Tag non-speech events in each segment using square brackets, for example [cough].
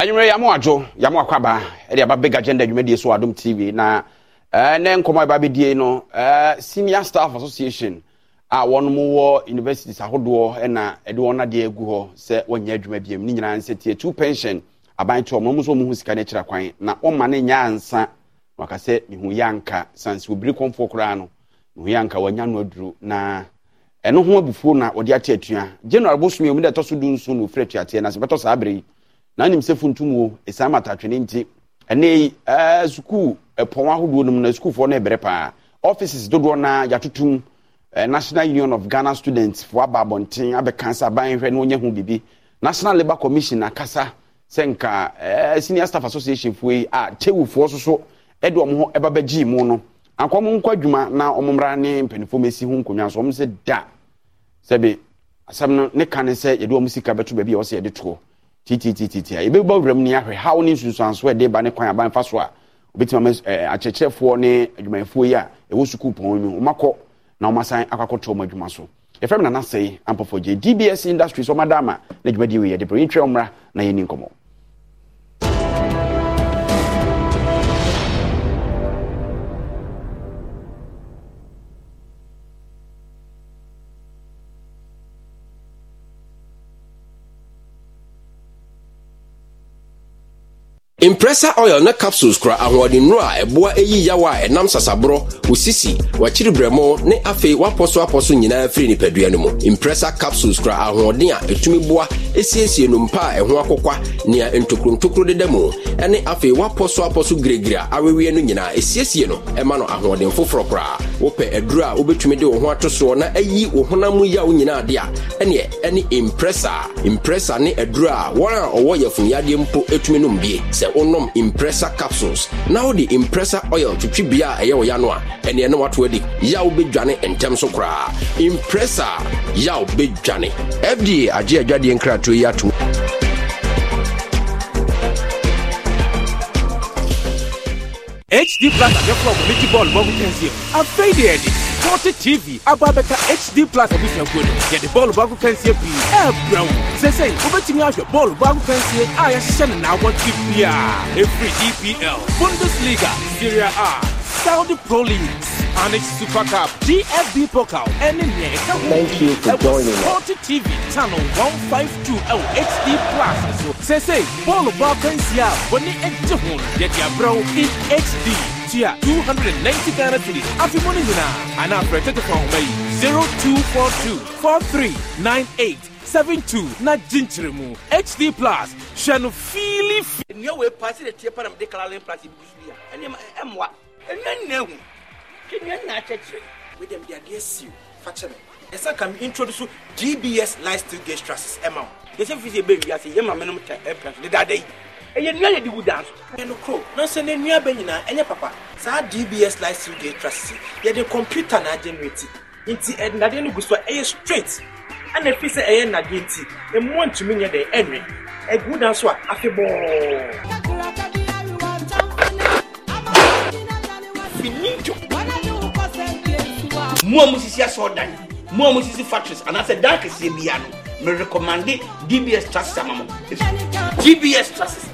anwummerɛ yɛamo adwo yɛamo akɔ ɛde aba big agenda adwumadie so adom tv na uh, ne nkɔmmɔ ɛba bɛdie no uh, senior staff association a wɔn mu wɔ universities ahodoɔ ɛna ɛde wɔn adeɛ agu hɔ sɛ wɔnyɛ adwuma biam ne nyinaa nsɛ tie two pension aban to wɔn mu nso wɔn ho sika no akyira kwan na wɔma ne nya ansa na waka sɛ mehu yɛ anka sansi obiri kɔnfoɔ koraa no mehu yɛ wɔnya no aduru na ɛno ho abufuo na wɔde ate atua general bosome omi dɛ ɛtɔ so du nson na ofiri atuateɛ na sɛ bɛtɔ saa abere na nim sɛ funtum o ɛsan matatwene nti ɛne ɛɛ sukuu ɛpɔn ahodoɔ nom na sukuufoɔ no ɛbrɛ paa offices dodoɔ na yatotum ɛɛ national union of ghana students fo aba abɔnten abɛka sɛ aban hwɛ na wɔnyɛ ho bibi national labour commission akasa sɛ nka ɛɛ senior staff association foɔ yi a tewufoɔ soso ɛde wɔn ho ɛba bɛgye mu no akɔm nkɔ adwuma na wɔn mmra ne mpanimfoɔ mesi ho nkonnwa so wɔn sɛ da sɛbi asɛm no ne ka ne sɛ yɛde wɔn sika bɛto baabi titititi a ebi bɔ wuram ni ahwɛ haw ne nsusuanso a ɛde ba ne kwan aban fa so a obetuma mɛ eh, ɛɛ akyerɛkyerɛfoɔ ne adwumayɛfoɔ yi a ɛwɔ sukuu pɔn mu wɔn akɔ na wɔn asan akɔ wɔn adwuma so yɛfrɛ nana sɛn ampɔfɔ gye dbs industries wɔn adama na dwumadie wei yɛ de bɛrɛ yɛtwɛ wɔn mra na yɛ ni nkɔmɔ. impressor oil ne capsules kura ahoɔdennuro a ɛboa ɛyi yawa a ɛnam sasaborɔ osisi wakyiribrɛmo ne afei wapɔ so apɔ so nyinaa firi nipadua no mu impressor capsules kura ahoɔden a ɛtumi boa ɛsiesie no mpa a ɛho akokwa nea ntokrontokro deda mu ɛne afei wapɔ so apɔ so giregira no nyinaa ɛsiesie no ɛma no ahoɔden foforɔ koraa wopɛ aduro a wobɛtumi de wo ho ato soɔ na ayi wo honam mu nyinaa de a ɛneɛ ɛne impressor impressor ne aduro a wɔn a ɔwɔ yɛfunuyadeɛ mpo ɛtumi nom bie sɛ sɛ Impressa capsules na wode Impressa oil twitwi bea a ɛyɛ wo ya no a ɛneɛ ne wato adi yaw bɛdwane ntɛm so koraa impressor yaw bɛdwane fda agye adwadeɛ nkratoɔ yi atom HD Plus àjẹkù ọ̀gbọ̀n méjì bọ́ọ̀lù bọ́ọ̀lù kẹ́hìn sí ẹ̀ afẹ́ ìdí ẹ̀dí. Forty TV ababɛka HD plus abusuakuo no yɛde bɔɔlu baako kansie pii ɛɛbrɛ wo sɛsɛn wobɛtumi ahwɛ bɔɔlu baako kansie a yɛhyehyɛ ne n'awɔtwe biara every EPL Bundesliga Serie A Saudi Pro League Spanish Super Cup DFB Pokal ɛne nea ɛka ho Thank you for joining us. Forty TV channel one five two ɛwɔ HD plus so sɛsɛn bɔɔlu baako kansie a wɔne ɛgye ho yɛde abrɛ wo in HD. Two hundred and ninety Ghana Cedis. afi mu no nyinaa anaa frɛ tetefɔ nhoma yi 0242 4398 72 na gyenkyere mu hd plus hwɛ no fiili fi nnua wei pa sɛ detie pa na mede kalalen plas bi so bia ɛne ɛmmoa ɛnua nna ni twɛ nnua nna akyɛkyerɛ wede mede adeɛ siw fa kyɛ me ɛsɛ ka me introduce gbs life still gastrasis ɛma wo yɛsɛ firi sɛ ɛbɛwiase yɛma menom ta ɛpɛ so dedada yi ɛyɛ nua yɛ de wu daa so. ɛnu kuro nanso ne nua bɛ nyinaa ɛnyɛ papa saa dbs live studio atwa si yɛde kɔmputa na agyɛnwɛti nti ɛnadeɛ no gu so ɛyɛ straight ɛna efi sɛ ɛyɛ nadeɛ nti emu ntumi nyɛ dɛ ɛnwɛ ɛgu daa so a afe bɔɔ. mo a mo sisi asɔɔdan mo a mo sisi factories anaasɛ dan kɛseɛ biara no merecommande dbs trust ama mo dbs trust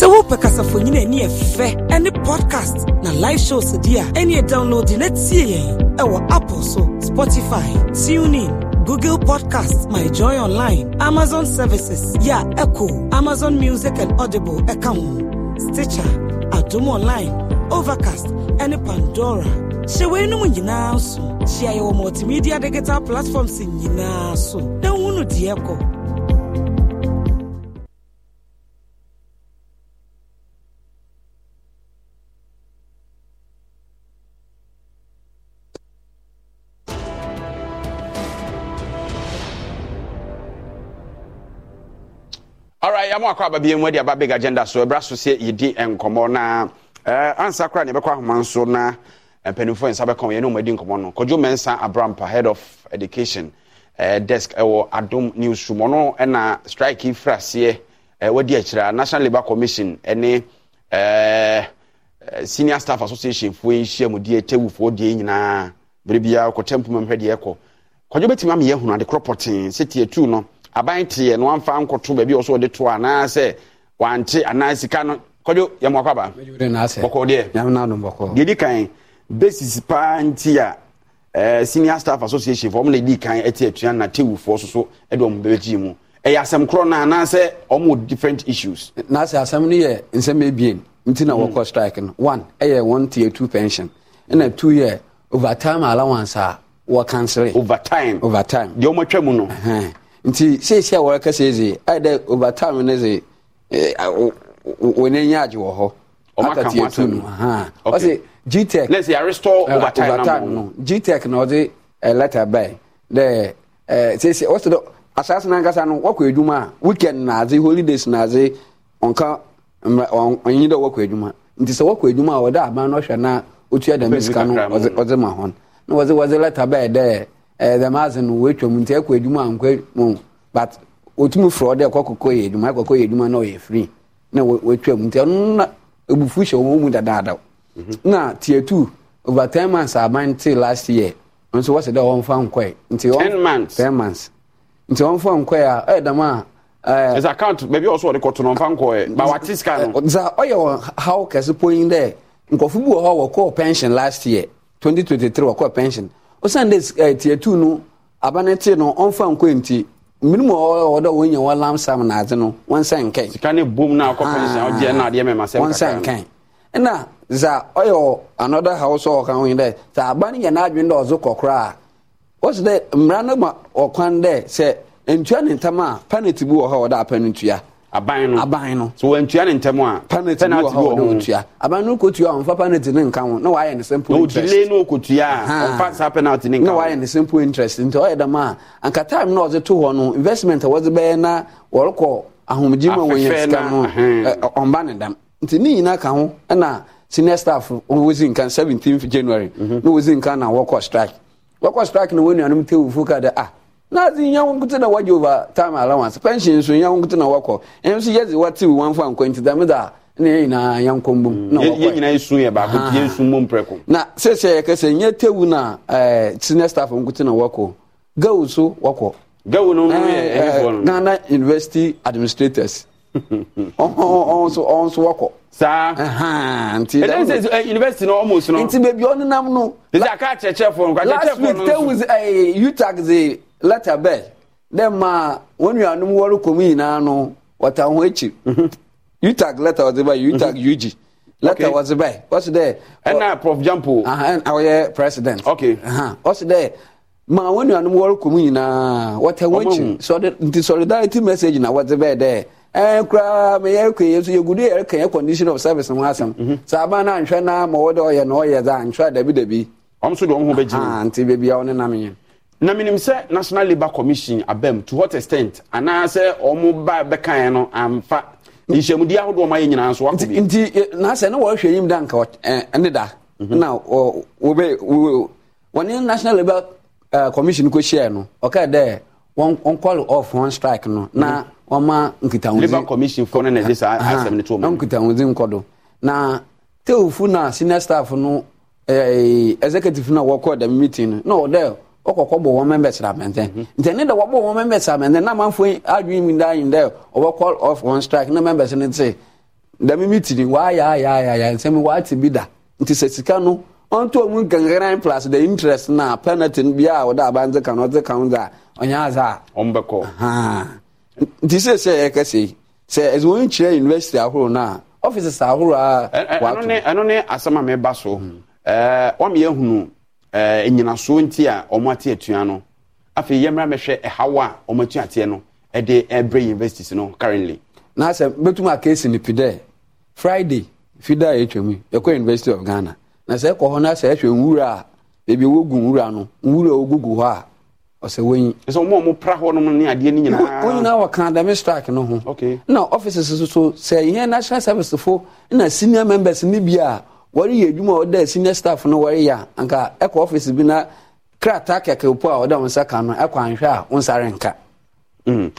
sɛ wopɛ kasafonyina ani ɛfɛ ne podcast na live shows deɛ a ɛneɛ download na tie yɛn ɛwɔ apple so spotify tunein google podcast my joy online amazon services yɛ yeah, a ɛko amazon music and audible ɛka ho stitcher adom online overcast ne pandora hyɛ weinom nyinaa so hyia yɛwɔ multimedia digital platforms nyinaa so na hunu deɛ kɔ alright yɛn mu akɔ emu aba big agenda so ebra so sɛ yɛdi nkɔmɔ na ɛɛ ansa kora ne yɛbɛkɔ ahoma nso na mpanimfoɔ nsa bɛka wɔn yɛn mu adi nkɔmɔ no kɔdwo mɛnsa abrampa head of education ɛɛ desk ɛwɔ adom newsroom ɔno ɛna strike yi fira seɛ ɛɛ wadi akyire national labour commission ɛne ɛɛ senior staff association foɔ yi hyia mu die tewufoɔ die nyinaa beebi kɔtɛ mpoma mhwɛ deɛ ɛkɔ kɔdwo bɛtumi ama yɛ hunu ade pɔtee sɛ tie tu no. aban teɛ no wamfa nkɔto baabi ɔsɛ ɔde to anaasɛ wante anaa sika no kɔdwo yɛmoakɔ aba bɔkɔ deɛ deɛ di kan basis paa nti a senior staff association fɔ ɔmo na di kan ɛte atua na tewufoɔ so so ɛde ɔmo bɛbɛgyi mu ɛyɛ asɛm korɔ no anaasɛ ɔmo different issues na naasɛ asɛm no yɛ nsɛm ebien nti na wɔkɔ strike no one ɛyɛ one tier two pension ɛna two yɛ overtime allowance a wɔkansere overtime overtime deɛ ɔmo atwa mu no nti seesi a wɔrekasa yi dze dɛ obatam ne dze eh, wɔn ani agye wɔ hɔ akati etu no ɔsi gtech let's say aristore obatam no gtech na ɔde eh, letter bɛn dɛ eh, seesi na dɛ nankasa no wɔkɔ edwuma weekend holidays naadze ɔnka ɔnyi dɛ wɔkɔ edwuma nti sɛ wɔkɔ edwuma a wɔde aban na otua dɛm sika no ɔdze ma hɔn na wɔdze wɔdze dɛ. ɛdɛm eh, ase no wɔatwa mu nti ɛkɔ adwuma ankɔ mu but ɔtumi frɔ dɛ ɛkɔ kɔkɔ yɛ adwuma ɛkɔkɔ yɛ adwuma na ɔyɛ free na wɔatwa mu nti ɛno na ebufu hyɛ wɔn mu dadaada na tier two over ten months aban te last year nso wɔsɛ dɛ wɔnfa nkɔɛ nti ten months ten months nti wɔnfa nkɔɛ a ɛyɛ dɛm a. ɛsɛ account baabi ɔsɔ ɔde kɔtɔ na ɔnfa nkɔɛ ba wate sika no. sa ɔyɛ wɔn haw kɛse poyin dɛ nkɔfu bi wɔ hɔ wɔkɔɔ pension last year twenty twenty three wɔkɔɔ pension. osiane eh, dɛ tiatu no aba no tee no ɔmfa nkɔ nti mmirim ɔwɔ dɛ wɔnya wɔlam sam naadze no wɔnsa nkɛn sika ne bom na akɔpɛ sɛ ɔgyeɛ na adeɛ mɛma sɛ wɔnsa nkɛn ɛna za ɔyɛ another house ɔka ho yi dɛ sɛ aba no yɛ n'adwene dɛ ɔdze kɔ koraa wɔsi dɛ mmara no ma ɔkwan dɛ sɛ ntua ne ntam a panet bi wɔ hɔ a wɔde apɛ no ntua aban no aban no so wɔntua ne ntɛm a penalty bi wɔ hɔ na wɔtua aban no kɔtua a ɔnfa penalty ne nka ho na wɔayɛ ne simple interest na odile no kɔtua a ɔnfa saa penalty ne nka ho na wɔayɛ ne simple interest nti ɔyɛ dɛm a anka time na ɔdze to hɔ no investment a wɔdze bɛyɛ na wɔrekɔ ahomegye mu a wɔnyɛ sika no ɔmba ne dam nti ne nyinaa ka ho ɛna senior staff wɔdzi nka 17 january mhm. na wɔdzi nka na wɔkɔ strike wɔkɔ strike na wɔn nuanom tewufo ka dɛ ah n'adị ihe nwa nkụtị na wagye ova time allowance pension nso ihe nwa nkụtị na wakọ nso yɛdze wate wo wanfa nkwanti dɛm da mm. na yɛn nyinaa yɛn nkɔ mbom. yɛn nyinaa esu yɛ baako ti ah. yɛn mbom prɛko. na sɛsɛ yɛ kɛsɛ nye tewu na ɛɛ eh, senior staff nkụtị na wakọ gawu nso wakọ. gawu na ɔno yɛ ghana university administrators eh. ɔn so ɔn so wakɔ. saa nti ɛdɛm sɛ eh, university na ɔmo so no. nti beebi ɔnenam no. sɛ a kaa kyerɛkyerɛfo no kaa kyerɛkyerɛfo no. last week tewu ɛɛ utah de. leta bel dɛ mmaa wɔn wɔrekɔ mu nyinaa no wɔta ho akyi mhm. utag leta wɔdze ba utag mhm. ug leta wɔdze ba wɔsi dɛ ɛna prof jampo ɔyɛ president ɔsi dɛ maa wɔn wɔrekɔ mu nyinaa wɔta ho akyi nti solidarity message na wɔdze bɛɛ dɛ ɛn koraa mɛ yɛrekɔ yɛ so yɛgudu yɛ condition of service ho asɛm mhm. saa ban na ma wɔde ɔyɛ na ɔyɛ dza antwɛ dabi dabi ɔmo de ɔmo ho a ɔne nam na menim sɛ national labour commission abam to what extent anaasɛ ɔmo ba bɛkaeɛ no amfa nhyɛmudi ahodoɔ ma yɛ nyinaa nso wakɔ bi nti eh, naasɛ ne wɔrehwɛ yim da nka ne da na wɔbɛ wɔne national labour uh, commission kɔhyiaɛ no ɔkaa dɛ wɔnkɔle off one strike no na wɔma nkitahodzi nkɔ do na tewfo na na senior staff no eh, executive na a wɔkɔɔ dɛm meeting no na ɔdɛ ọkọkọ bụ wɔn members la mɛntɛn ntɛ ne da wɔbɔ wɔn members la n'a ama fɔ adu mi da yin dɛ call off one strike na members ne ti dɛmi mi tiri waa waa ti bi da nti sika no ọmụ interest na penalty a ɔda aba ndze kan aza. nti na offices a. E, e, Eh, nnyinasoɔ nti a ɔmo ate atua no afei mɛhwɛ a ɔmo atua ateɛ no ɛde ɛbrɛ universities no currently. n'asɛ mbɛtum a ni friday fida a yɛtwa mu yɛkɔ university of ghana na sɛ ɛkɔ hɔ na ɛhwɛ nwura a beebi ewu gu nwura no nwura a ogugu hɔ a ɔsɛ wɔnyi. ɛsɛ ɔmo a ɔmo pra hɔ ne adeɛ ne nyinaa. wɔn nyinaa wɔ academic strike no ho. na offices soso sɛ na senior members ni wɔreyɛ adwuma ɔda senior staff no wɔreyɛ a anka ɛkɔ office bi na krataa kɛkɛpo a ɔda wo nsa ka no ɛkɔ anhwɛ a wo nsa renka mm.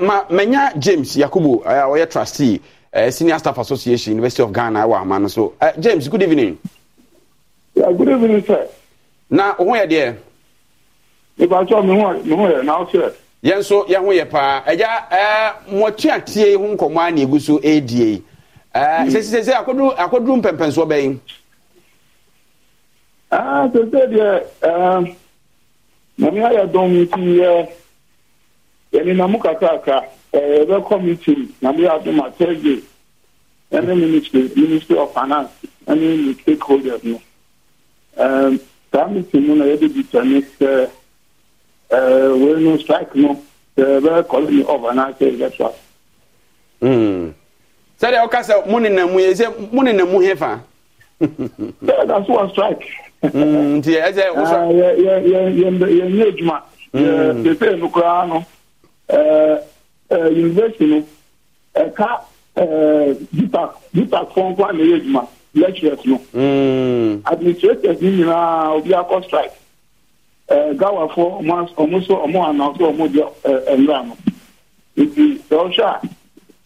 ma manya james yakubu a ɔyɛ trustee senior staff association university of ghana wɔ ama so james good evening ya good evening sir na wo ho yɛ deɛ yɛ na yɛ ho yɛ paa ho a na egu so sɛsisɛsɛ eh, hmm. akɔduru akɔduru mpɛmpɛnsoɔ bɛyi. aa ah, sese deɛ maame eh, ayɛ dɔm ti yɛ eh, yɛne nam kakraka ɛɛ yɛbɛ kɔmitin maame yɛ adum atɛgye ɛne ministry ministry of finance ɛne ne stakeholders no ɛɛ saa meeting no na yɛde bi tɛne sɛ ɛɛ wɔn no strike no sɛ yɛbɛ kɔlɔni ɔba n'akyɛ yɛbɛ tra. Hmm sɛdeɛ woka sɛ mo nenamu ɛ sɛ mo nenamu he fa nti ɛsɛ yɛnyɛ adwuma sɛsɛ no koraa no university no ɛka dutak fɔ nko a na ɛyɛ adwuma lecturers no mm. administrators no nyinaa obi akɔ strike gawafoɔ ɔmo so ɔmo ana so ɔmo deɛ nwura no nti sɛ ɔhwɛ a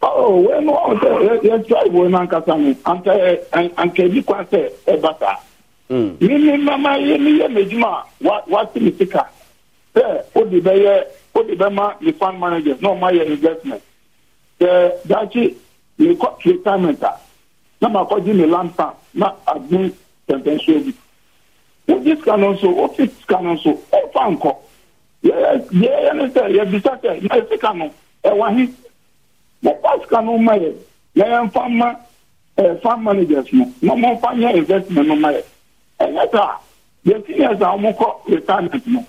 ọ wee nụ ọsẹ yẹ tura ìwé náà nkasa mi anka ẹ anka ebi Mm. asẹ ẹ bata. mi mi mama wa wa o de bẹ o ma mi fund manager náà ma yẹ investment sẹ dakye mi kọ retirement na ma kọ di land farm na agbin tẹntẹnso bi o di so o fi fa nkọ yẹ yẹ yẹ ni sẹ yẹ bisa sẹ na pasika no mma yɛ eh, na yɛmfa mma ɛɛ farm managers no na wɔmfa nyɛ investment no mma yɛ ɛnyɛ saa yɛ seniors a wɔkɔ retirement no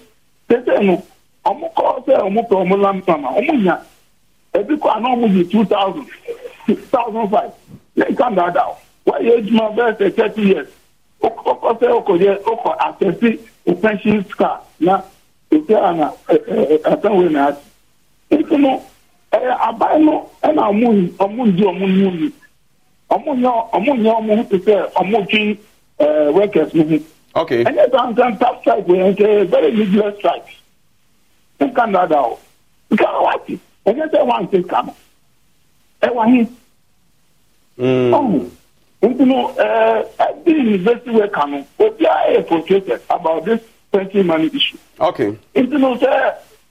tete no wɔkɔ sɛ wɔpɛ wɔn lamsam a wɔnya ebi kɔ anaa wɔyi two thousand six thousand five yɛn ka dada o wɔyɛ adwuma sɛ thirty years okɔ sɛ okɔ yɛ okɔ asɛsi pension scar na o ana ɛɛ ɛɛ ɛsɛn na ati e no. Eh, aban no eh, na ɔmo ndi ɔmo nyu ni ɔmo nyɛ ɔmo nyɛ ɔmo ho te sɛ ɔmo strike wɔ yɛn very needless strike nka na o nka wa ti ɛnyɛ no ɛwa hin. Hmm. ɔmo no eh, university obiara frustrated about this pension money issue. Ok. no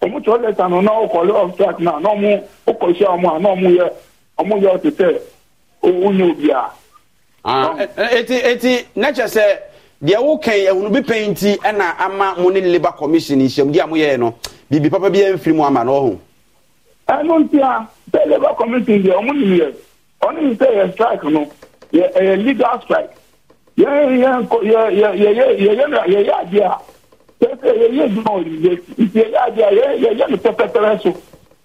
ọmụcha oletanụ na ọkọlị ọtrak na anọmụ ụkọchi ọmụ anọmụ ya ọmụ ya ọtete onye obi a eti eti nechesie dị deɛ wokɛn ehunu bi pɛn ti ɛna ama mo ne labour commission nhyiamu di a mo yɛ no bibi papa bi yɛ nfiri mu ama n'ɔho. ɛnu nti a sɛ labour commission deɛ ɔmo nim yɛ ɔno yi sɛ yɛ strike no yɛ ɛyɛ legal strike yɛ yɛ yɛ yɛ yɛ yɛ yɛ yɛ yɛ pẹpẹ yẹyẹ ihe òyìnbó ìdí ẹyẹ adé ayẹ yẹyẹ ní pẹpẹpẹrẹ so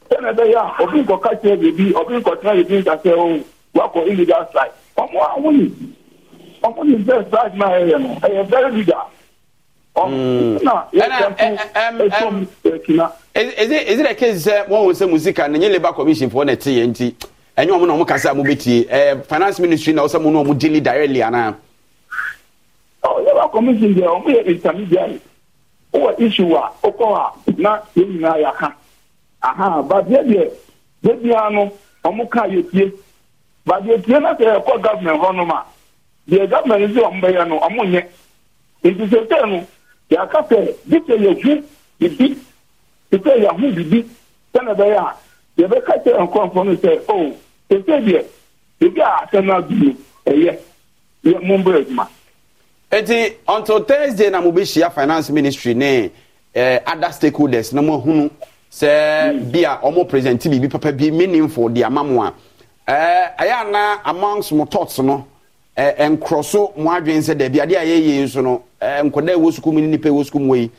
sẹni ẹbẹ yà ọbí nkọ káṣí bèbí ọbí nkọ tẹ bèbí nkàṣẹ o wakọ ìlídà ṣáì ọmọ àwọn yìí ọmọ yìí bẹẹ ṣáì náà yẹ no ẹ yẹ bẹẹ lídà ọmọ yẹ kẹfù ẹtọ ẹ kìnnà. ezi dɛ na na ɛnyɛ na kasa tie na ɔsɛ mo wɔ e issue a wokɔ a na yɛn ya yɛaka aha badeɛ deɛ bebia no ɔmo ka yɛtie tie na sɛ yɛkɔ government hɔ nom a deɛ government sɛ ɔmo bɛyɛ no ɔmo nyɛ nti sɛ sɛ no yɛaka sɛ bi sɛ yɛhu bibi bi sɛ yɛho bibi sɛnɛ bɛyɛ a yɛbɛka kyerɛ nkurɔfoɔ no sɛ o sɛ sɛ deɛ ebi a nti until thursday na mo bɛhyia finance ministry ne eh, other stakeholders na mo ahunu sɛ bi a ɔmo present biribi papa bi ama mo a ɛyɛ ana amongst mo thoughts no eh, so mo adwene sɛ daabi adeɛ a yɛyɛ nso no eh, nkɔda sukuu mu ne nipa sukuu mu yi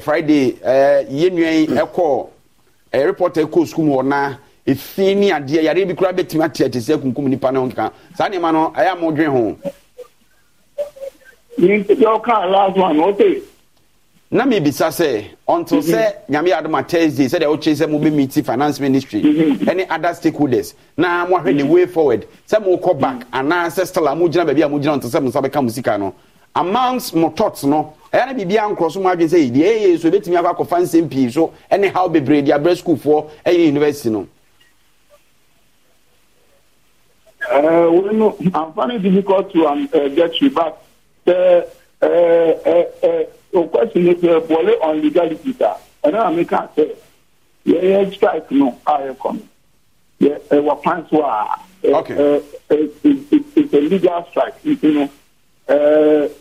friday eh, yɛ nua yi ɛkɔ eh, reporter sukuu mu hɔ efi ne adeɛ yare bi kura sɛ kunkum nipa nka saa nneɛma no ɛyɛ na mebisa sɛ ɔnto sɛ mm-hmm. nyame adama thursday sɛdeɛ wokye sɛ mobɛmiti finance ministry mm-hmm. ne other stakeholders na moahwɛ the way forward sɛ mokɔ back mm-hmm. anaasɛ still a mogyina baabi a nsa no amount no na biribia nkorɔ so mo adwene sɛ deɛ ɛyɛ so ɛbɛtumi akɔ akɔfa nsɛm pii so ne haw bebree de university no eh, difficult to um, uh, get you sɛ okwesịrị bọle on legality ta ɛna ameka sɛ yɛyɛ strike no a yɛkɔ no yɛ ɛwɔ kwan so a it's a legal strike nti no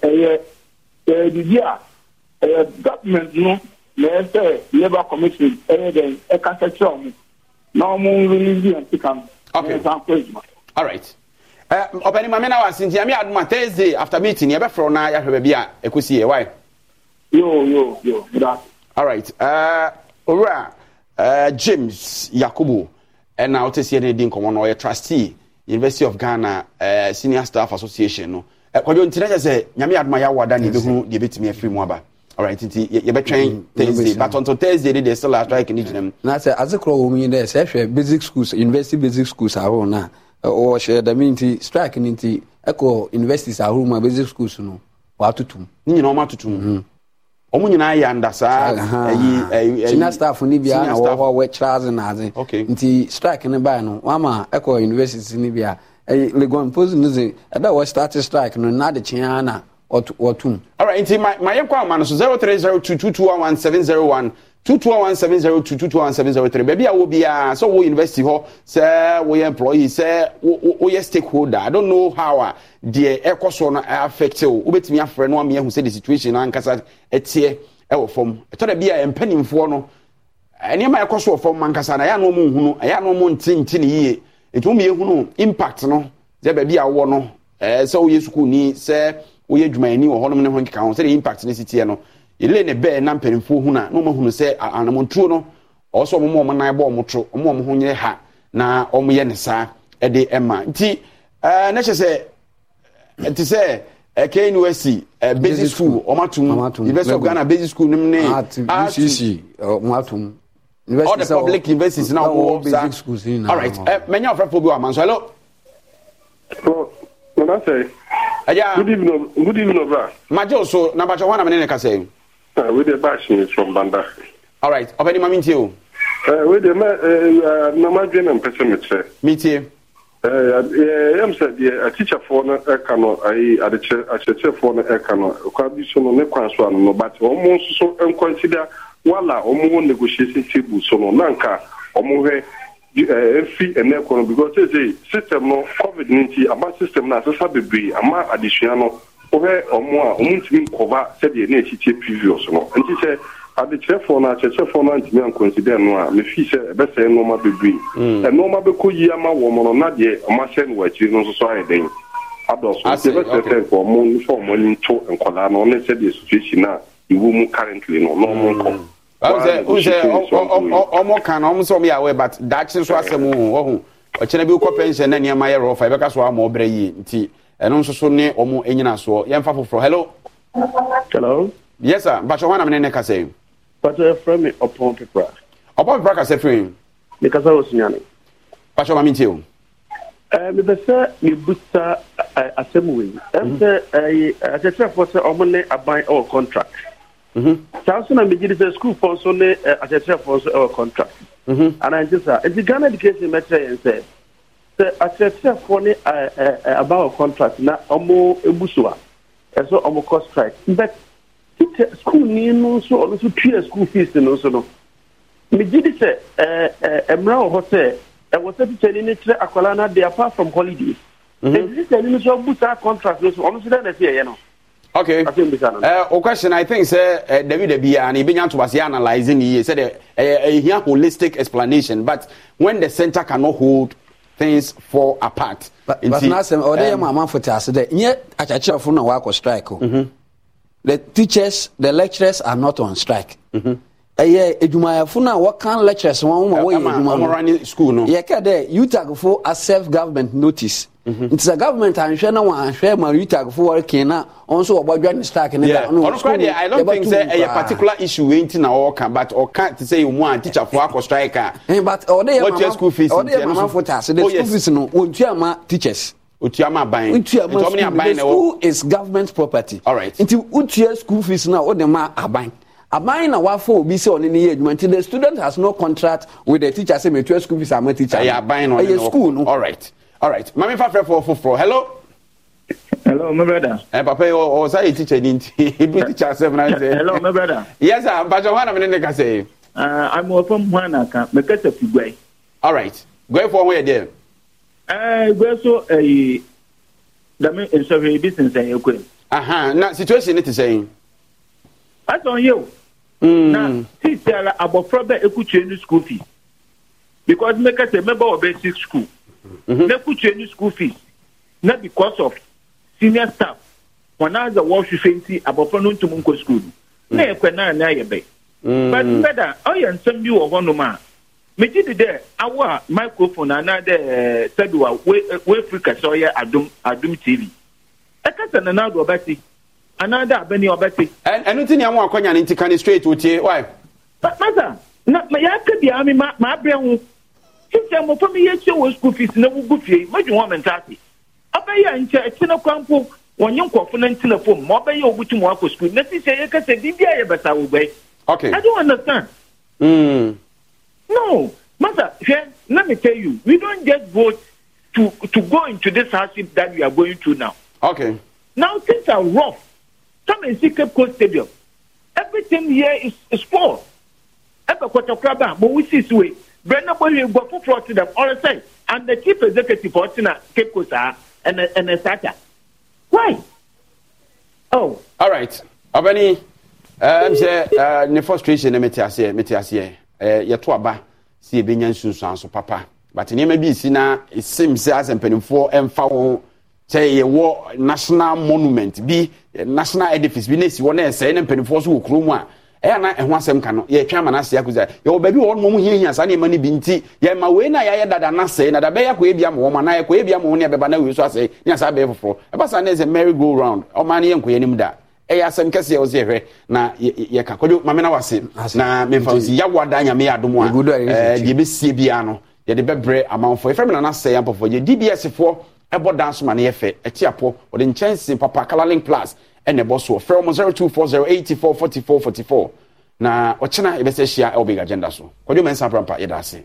ɛyɛ ɛyɛ bibi a ɛyɛ government no na ɛsɛ labour commission ɛyɛ dɛ ɛkasa kyerɛ ɔmo na ɔmo nri ni bi ɛntika no ɛyɛ san kɔ edwuma. all right ọpẹnima mi na wa si ntinyami aduma thursday after meeting yẹ bẹ fọrọ na yahwẹ bẹbi a ekosi yẹ wáyé. yoo yoo yoo gba. alright owura uh, uh, james yakubu ɛna ɔte seɛ ne di nkɔmɔ na ɔyɛ trustee university of ghana senior staff association no kwadwo ntina kyɛ sɛ nyame adoma yɛawo ada ne yɛbɛhunu deɛ ɛbɛtumi afiri mu aba alright nti yɛbɛtwɛn mm, thursday but until thursday de deɛ still astrike ne gyina mu na sɛ adze korɔ wɔ mu yi dɛ sɛ ɛhwɛ basic schools university basic schools ahorow na. wɔhyɛ dame nti strike no nti ɛkɔ universities ahorow mu a basic schools no wɔatoto mu ne nyinaa ɔma atutum. Mhm. ɔmo nyinaa yɛ anda saa senior staff no bia na wɔ hɔ wɔkyerɛ adze na adze nti strike no bae no wama ɛkɔ universities no bi a legon post no dze ɛda wɔ start strike no na na wɔtom alright nti ma yɛnkɔ ama no so 22170221703 baabi a wo biara sɛ wo university hɔ sɛ woyɛ employee sɛ woyɛ stakeholder i don't know how uh, uh, uh, a deɛ ɛkɔ soɔ no affect wo wobɛtumi afrɛ no ama yɛhu sɛ the situation ankasa ɛteɛ ɛwɔ fam ɛtɔ da bi a mpanimfoɔ no nneɛma ɛkɔ so wɔ fam ankasa na ɛyɛ anoo mu nhunu ɛyɛ anoo mu ntinti ne yie etu mu yɛhunu impact no sɛ baabi a wɔ no ɛɛ sɛ woyɛ sukuuni sɛ woyɛ dwumayɛni wɔ hɔnom ne ho nkeka ho sɛ de impact ne si teɛ no yɛle ne bɛɛ na mpanimfoɔ hu na na ɔma hunu sɛ anammɔntuo no ɔwɔ ɔmo ɔmo nan bɔ ɔmo to ɔmo ɔmo ho nyɛ ha na ɔmo yɛ ne saa ɛde ɛma nti ɛɛ eh, ne hyɛ sɛ eh, te sɛ ɛkɛ university ɛ basic school ɔmo atum university of ghana basic school nim ne art ah, ucc ɔmo atum all the public universities na ɔmo wɔ saa all right ɛ eh, mɛnya ɔfrɛfo bi wa ma nso hello. Mama sɛ. Ɛja. Good evening, good evening, bra. Majo so, na bàtɛ wọn na mi ne ne kasa yi. sir wey dey bash from banda. all right ọbẹ ni maa mi n tie o. ẹ eh, wey dey mẹ ẹ eh, na ma dwe na mpẹsẹ mi kyerẹ. mi tie. ẹ ẹ yẹm sẹ deɛ atikyafoɔ no ɛka no ayi adekyerɛ akyerɛkyerɛfoɔ no so kwan so wala table so nanka efi eh, because system covid nti ama system wohwɛ ɔmo a ɔmo ntumi nkɔba sɛdeɛ ne akyikyie previous no nti sɛ adekyerɛfoɔ no akyerɛkyerɛfoɔ no antumi ankɔnsidɛ no a mefii sɛ ɛbɛsɛe nnoɔma bebree mm. ɛnnoɔma bɛkɔ yi ama wɔ mo no na deɛ ɔmahyɛ no wɔ akyiri no nso so ayɛ dɛn adɔso nti ɛbɛsɛ sɛ nka ɔmo nfa ɔmo ani nto nkɔlaa no ne sɛdeɛ situation a ɛwɔ mu currently no na ɔmo nkɔ ɔmɔ kan na ɔmo sɛ ɔmo yɛ awɛ but daakye nso asɛm ɔho ɔkyerɛ bi wokɔ pension na nneɛma yɛ rɔfa ɛbɛka so ama ɔbrɛ yie nti ɛno nso so ne ɔmo nyina soɔ yɛmfa foforɔ hello hello yes sir mpatwɛ hɔ anamene ne kasa yi mpatwɛ yɛfrɛ me ɔpɔn pepra ɔpɔn pepra kasa firi me kasa wɔ sunyane mpatwɛ ma mentie o mepɛ sɛ mebusa asɛm wei ɛm sɛ akyerɛkyerɛfoɔ sɛ ɔmo ne aban ɛwɔ contract mhm. saa nso na megyedi sɛ sukuulfoɔ nso ne akyerɛkyerɛfoɔ nso ɛwɔ contract mhm. anaa nti saa nti ghana education mɛkyerɛ yɛn sɛ sɛ akyerɛkyerɛfoɔ ne abawo contract na ɔmo ebu so a ɛsɛ ɔmo kɔ strike but tita sukuulni no nso ɔno nso tua school fees no nso no megye di sɛ ɛɛ mmerɛ wɔ hɔ sɛ ɛwɔ sɛ tikyani ne kyerɛ akwadaa no ade apart from holidays ɛdi mhm. tikyani no nso abu saa contract no so ɔno nso dɛ na ɛsɛ yɛyɛ no. Okay. Uh, o question I think sɛ uh, dabi dabi ya na ebi nya ntobasi analyzing yie sɛ de ɛyɛ ehia holistic explanation but when the center cannot hold things fall apart. but n'asɛm ɔde yɛ mu amanfo te ase dɛ n yɛ akyakyerɛfo na wakɔ strike o oh. mm-hmm. the teachers the lecturers are not on strike. Mm -hmm. ɛyɛ adwumayɛfo no a wɔka lectures wɔn ma wɔyɛ adwuma no yɛka dɛ utagfo accept government notice nti sɛ government anhwɛ na wɔanhwɛ ma utagfo wɔreke na ɔn so wɔbɔdwa ne stark ne daɔnokora deɛ i don't think sɛ ɛyɛ particular issue wei nti na wɔɔka but ɔka te sɛ ɛmu a teacherfoɔ akɔ strike a eh, ɔde yɛ mamafo tase de school oh, fees no wɔntua ma teachers otua ma ban otua school the school is government property all right nti wotua school fees no a wode ma aban aban na wafɔ obi sɛ ɔne ne yɛ adwuma nti the student has no contract with the teacher sɛ metua school fees ama teacher ɛyɛ aban no ɛyɛ school no all right all right maame fafrɛ fɔ foforɔ hello. hello my brother. ɛ eh, papa yi ɔ ɔsa yi teacher ni nti [laughs] ebi teacher asɛm na sɛ. hello my brother. yes sir mpatsa hɔn na mi ne ne kasa uh, yi. amu ɔfam hɔn na kan mɛ kasa fi guai. all right guai fɔ wɔn yɛ dɛ. ɛɛ eh, so ɛyi eh, dame nsɔhwɛ ebi sinsɛn ekɔ yi. aha na situation ne ti sɛ yen. asɔn ye o. Hmm. na sisi ara abɔfra bɛ ekutue ni school fee because mɛ kasa mɛ bɔ ɔbɛ si school. Mhm. na-ekwuchie new school fees na because of senior staff wɔn adza wɔrehwehwɛ nti abɔfra no ntum nkɔ school mm. na yɛkɔ naanị ayɛ bɛ mm. but ọ ɔyɛ nsɛm bi wɔ hɔnom a megye di dɛ awo a microphone anaa wefiri kɛse ɔyɛ adum adum tv ɛkasa e nana do ɔbɛti anaa dɛ ti ni àwọn akɔnya ti kan ni straight o tie why. masa na yà á kébìá ma ma abẹ́ wọn. sisi mi yɛ wɔ na wogu fie wɔn ase abɛyɛ nkɔfo na fom ma ɔbɛyɛ akɔ na sisi yɛ kasa bɛsa okay i don't understand. Mm. no masa hwɛ let me tell you we don't just vote to to go into this hardship that we are going through now. okay now things are rough come and see cape coast stadium everything here is is poor ɛbɛ kɔtɔkura but we see si wei. brenda bohie gbɔ foforɔ te dɛm ɔresɛn and the chief executive ɔtena cape coast a ɛnɛ ɛnɛ sata why. oh. all right ɔbɛni ɛm sɛ ne frustration mi te aseɛ mi te aseɛ ɛɛ eh, yɛto aba si ebi nya nsunsuan so papa but nneɛma bi si na esim sɛ asɛmpanyinfoɔ ɛnfa wɔn sɛ yɛwɔ national monument bi eh, national edifice bi na esi hɔ na ɛsɛɛ ne mpanyinfoɔ so wɔ kurom a ɛyɛ na ɛho asɛm ka no yɛtwa ama no ase akosi a yɛwɔ baabi wɔ hɔnom hiahia saa nneɛma no bi nti yɛma wei no a yɛayɛ dada no asɛe na da bɛyɛ akɔyɛ bi ama wɔm anaa yɛkɔyɛ bi ne ɛbɛba na wei so asɛe ne asaa bɛyɛ foforɔ ɛba saa ne sɛ mary go round ɔma no yɛnkɔyɛ anim da ɛyɛ asɛm kɛseɛ wo sɛ yɛhwɛ na yɛka kɔdwo mamena na wase na memfa nsi yɛwo ada nyame yɛ adom a deɛ bɛsie biara no yɛde bɛbrɛ amanfoɔ yɛfrɛ me nana sɛe ampɔfoɔ yɛ dbs foɔ ɛbɔ dance ma no yɛ fɛ ɛte apɔ ɔde nkyɛnse papa colourling plus ɛna ɛbɔ soɔ fɛ ɔmo zero two four zero eighty four forty four forty four na ɔkyena yɛbɛsɛ hyia ɛwɔ big agenda so kɔdwom ɛnsa prampa yɛda ase